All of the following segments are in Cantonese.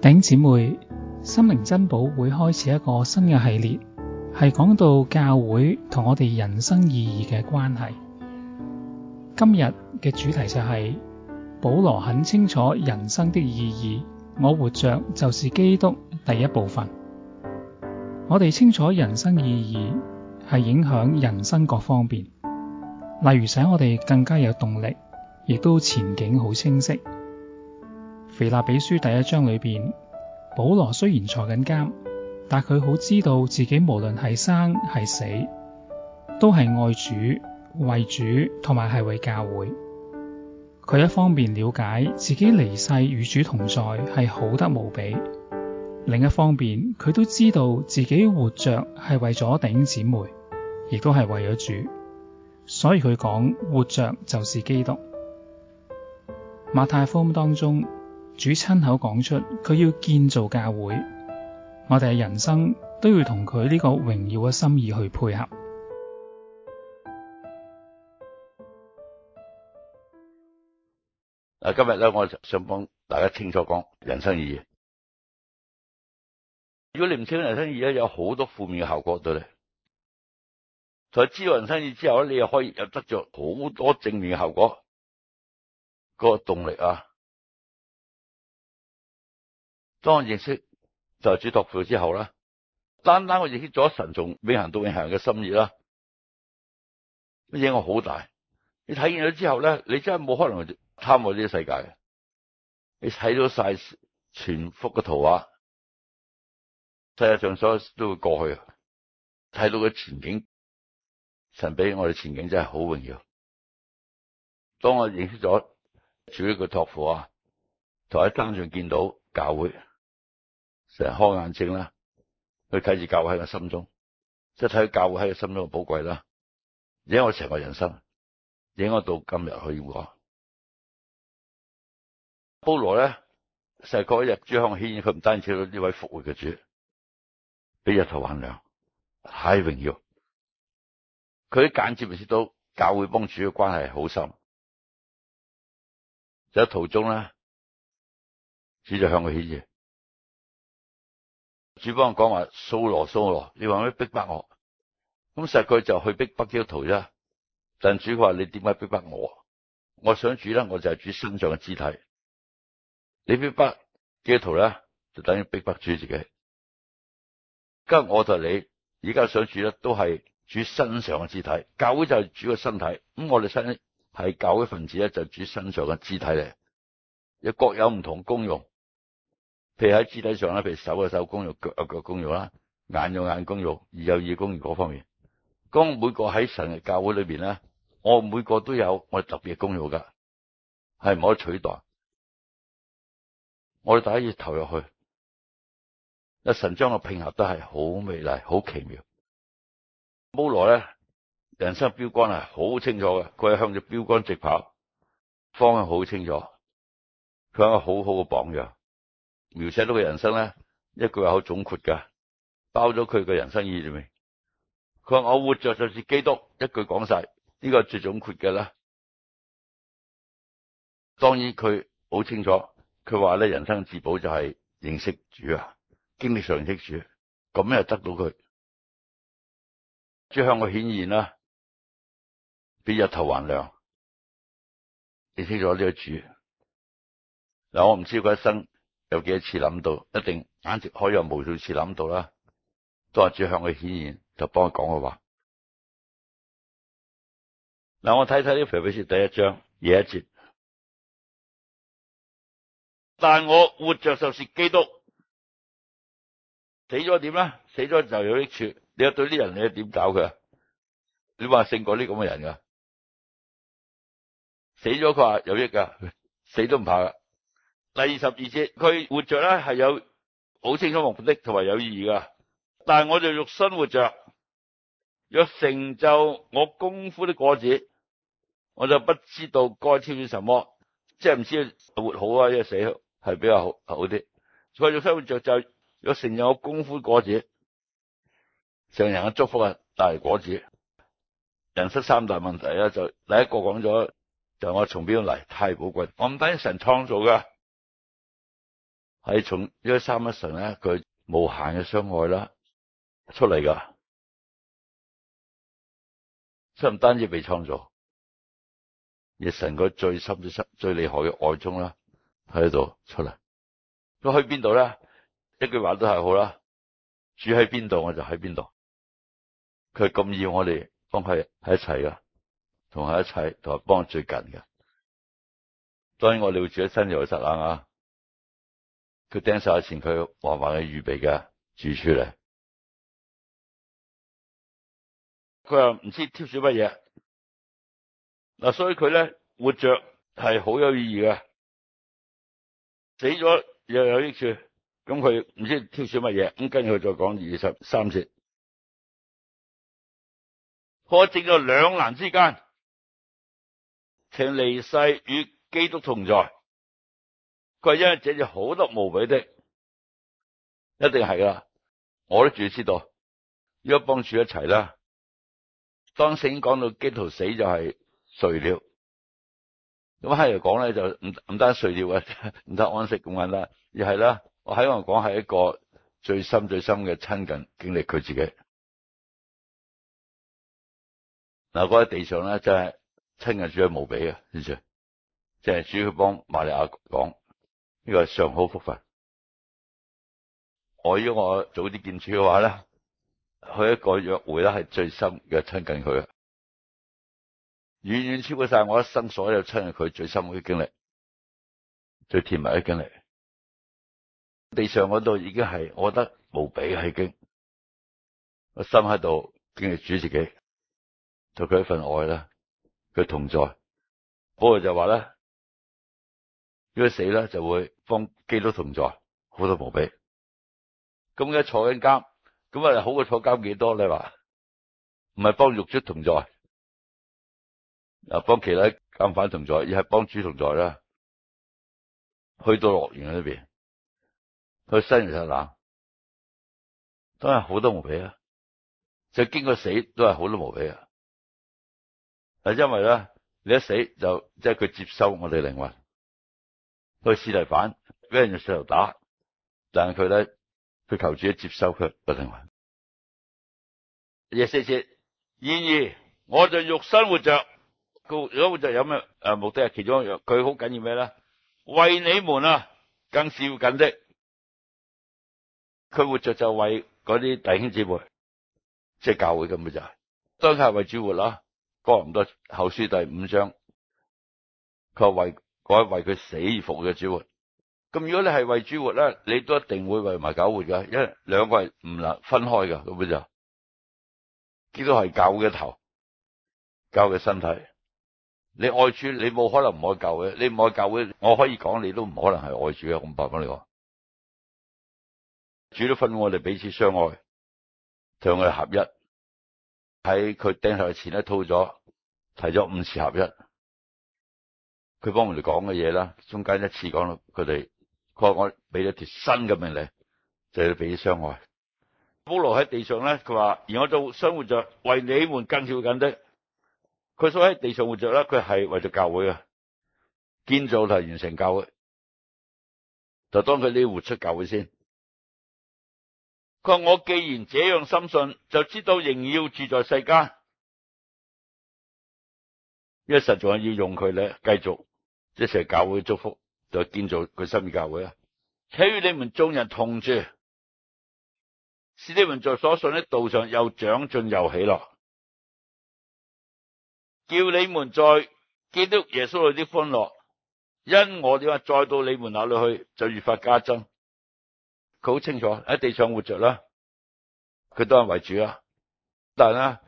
頂姐妹，心靈珍寶會開始一個新嘅系列，係講到教會同我哋人生意義嘅關係。今日嘅主題就係、是、保羅很清楚人生的意義，我活着就是基督。第一部分，我哋清楚人生意義係影響人生各方面，例如使我哋更加有動力，亦都前景好清晰。肥立比書第一章裏邊，保羅雖然坐緊監，但佢好知道自己無論係生係死，都係愛主、為主同埋係為教會。佢一方面了解自己離世與主同在係好得無比，另一方面佢都知道自己活着係為咗頂姊妹，亦都係為咗主。所以佢講，活着就是基督。馬太福當當中。主親口講出，佢要建造教會，我哋嘅人生都要同佢呢個榮耀嘅心意去配合。嗱，今日咧，我想幫大家清楚講人生意義。如果你唔清理人生意咧，有好多負面嘅效果對你。在知道人生意之後咧，你又可以有得着好多正面嘅效果，嗰個動力啊！當我認識就係主托付之後啦，單單我認識咗神，從永恆到永恆嘅心意啦，乜嘢我好大？你睇見咗之後咧，你真係冇可能貪愛呢啲世界，你睇到晒全幅嘅圖畫，世界上所有都會過去。睇到個前景，神俾我哋前景真係好榮耀。當我認識咗主嘅託付啊，就喺山上見到教會。成日開眼睛啦，去睇住教會喺個心中，即係睇佢教會喺個心中嘅寶貴啦，影我成個人生，影我到今日去點講？保羅咧，成日一日主向我顯現，佢唔單止見到呢位復活嘅主，比日頭還亮，太榮耀。佢啲間接認識到教會幫主嘅關係好深，就喺途中咧，主就向佢顯現。主幫我講話，掃羅、掃羅，你話咩逼迫我？咁實佢就去逼迫基督徒啫。但主話，你點解逼迫我？我想主咧，我就係主身上嘅肢體。你逼迫基督徒咧，就等於逼迫主自己。跟住我同你而家想主咧，都係主身上嘅肢體。教會就係主嘅身體，咁我哋身係教會分子咧，就係主身上嘅肢體嚟，有各有唔同功用。譬如喺肢體上啦，譬如手有手功用，腳有腳功用啦，眼有眼功用，耳有耳功用嗰方面。咁每個喺神嘅教會裏邊咧，我每個都有我特別嘅功用噶，係唔可以取代。我哋第一次投入去，那神將我拼合得係好美麗、好奇妙。保羅咧，人生嘅標杆係好清楚嘅，佢係向住標杆直跑，方向好清楚，佢係一個好好嘅榜樣。描寫到佢人生咧，一句話好總括噶，包咗佢嘅人生意義。佢話我活着就是基督，一句講晒，呢、這個最總括嘅啦。當然佢好清楚，佢話咧人生嘅至寶就係認識主啊，經歷上認識主，咁又得到佢，即係向我顯現啦，比日頭還亮。你識咗呢個主，嗱我唔知佢一生，有幾多次諗到，一定簡直可以有無數次諗到啦，都係主向佢顯現，就幫佢講個話。嗱，我睇睇呢《腓立比書》第一章廿一節，但我活着就是基督，死咗點啦？死咗就有益處。你又對啲人，你點搞佢呀？你話勝過啲咁嘅人噶？死咗佢話有益噶，死都唔怕噶。第二十二節，佢活着咧係有好清楚目的同埋有意義噶。但係我就肉身活着，若成就我功夫的果子，我就不知道該挑選什麼，即係唔知道活好啊，即係死係比較好好啲。我肉身活着就若成就我功夫的果子，成人嘅祝福啊，帶來果子。人生三大問題啊，就第一個講咗就是，我從邊度嚟太寶貴，我唔等於神創造嘅。喺從一三一神咧，佢無限嘅相愛啦出嚟噶，即係唔單止被創造，亦成佢最深的最深最厲害嘅愛中啦，喺度出嚟。佢去邊度咧？一句話都係好啦，住喺邊度我就喺邊度。佢咁要我哋幫佢，喺一齊噶，同佢一齊，同埋幫最近嘅。當然我哋會住喺新約實啊。佢掟晒錢，佢還還佢預備嘅住處嚟，佢又唔知挑選乜嘢嗱，所以佢咧活着係好有意義嘅，死咗又有益處。咁佢唔知挑選乜嘢，咁跟住佢再講二十三節，我正喺兩難之間，請離世與基督同在。佢因為這就好得無比的，一定係噶，我都仲要知道，如果幫主一齊啦，當醒講到基督徒死就係睡了，咁喺度講咧就唔唔單睡了嘅，唔單安息咁樣啦，而係啦我喺度講係一個最深最深嘅親近經歷佢自己嗱，嗰、那、喺、個、地上咧真係親近主係無比嘅，即係主要幫瑪利亞講。呢個係上好福份，我如果我早啲見主嘅話咧，去一個約會啦，係最深嘅親近佢嘅，遠遠超過晒我一生所有親近佢最深嘅經歷，最甜蜜嘅經歷。地上嗰度已經係，我覺得無比係經，我心喺度經歷主自己，同佢一份愛啦，佢同在。不過就話咧。佢死咧就會幫基督同在，好得無比。咁一坐緊監，咁啊好過坐監幾多？你話唔係幫獄卒同在，啊幫其他監犯同在，而係幫主同在啦。去到樂園嗰邊，去伸住手都係好得無比啊！就經過死都係好得無比啊！啊，因為咧你一死就即係佢接收我哋靈魂。個司提反俾人用石頭打，但係佢咧，佢求主接收，佢嘅靈魂。廿四節：，然而我就肉身活着，如果活着有咩誒目的？係其中一樣，佢好緊要咩咧？為你們啊，更是要緊的。佢活着就為嗰啲弟兄姊妹，即、就、係、是、教會噉嘅，就係、是，當係為主活啦。哥唔多，後書第五章，佢為。我為佢死而復嘅主活，咁如果你係為主活咧，你都一定會為埋教會活㗎，因為兩個係唔能分開㗎。咁佢就，呢都係教會嘅頭，教會嘅身體，你愛主，你冇可能唔愛教會嘅，你唔愛教會嘅，我可以講你都唔可能係愛主嘅，咁白話你話，主都吩咐我哋彼此相愛，同佢合一，喺佢釘十字前一套咗提咗五次合一。佢幫我哋講嘅嘢啦，中間一次講到佢哋，佢話我俾咗條新嘅命令，就係俾啲相愛。保羅喺地上咧，佢話而我就生活着，為你們更是要緊的。」佢所喺地上活着咧，佢係為咗教會嘅，建造同完成教會。就當佢呢活出教會先。佢話我既然這樣深信，就知道仍要住在世間，因為實在係要用佢咧繼續。一齊教會祝福，就建造佢心意教會啊！且與你們眾人同住，使你們在所信的道上又長進又喜樂，叫你們在基督耶穌裡啲歡樂，因我哋啊再到你們那裡去，就越發加增。佢好清楚喺地上活着啦，佢都係為主啊！但係咧，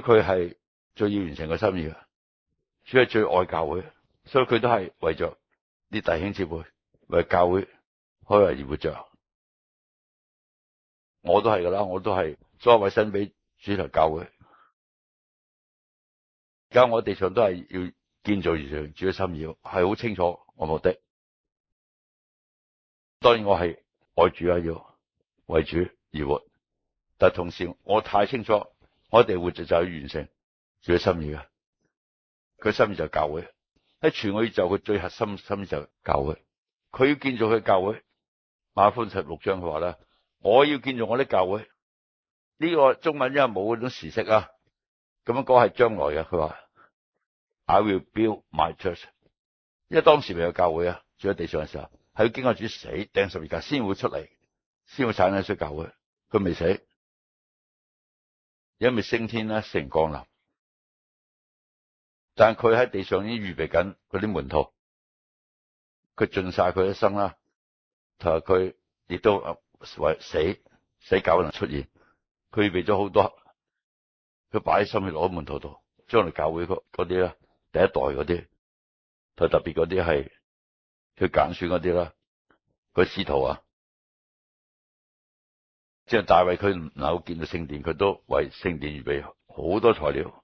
主佢係最要完成個心意啊！主係最愛教會。所以佢都係為咗啲弟兄姊妹，為教會開懷而活着。我都係噶啦，我都係委身俾主同教會。而家我哋上都係要建造而成主嘅心意，係好清楚我的目的。當然我係愛主啊，要為主而活。但同時我太清楚，我哋活着就係完成主嘅心意嘅。佢心意就係教會。喺全我宇宙佢最核心，心就教會。佢要建造佢教會。馬太十六章佢話啦：，我要建造我啲教會。呢、這個中文因為冇嗰種時式啊，咁樣講係將來嘅。佢話：I will build my church。因為當時未有教會啊，住喺地上嘅時候，係要經過主死釘十字架先會出嚟，先會產生出教會。佢未死，因為升天啦，成降臨。但佢喺地上已經預備緊嗰啲門徒，佢盡晒佢一生啦，同埋佢亦都為死死教能出現，佢預備咗好多，佢擺喺心血去攞門徒度，將來教會嗰啲啦，第一代嗰啲，同特別嗰啲係佢揀選嗰啲啦，佢使徒啊，即係大衛佢唔能夠見到聖殿，佢都為聖殿預備好多材料。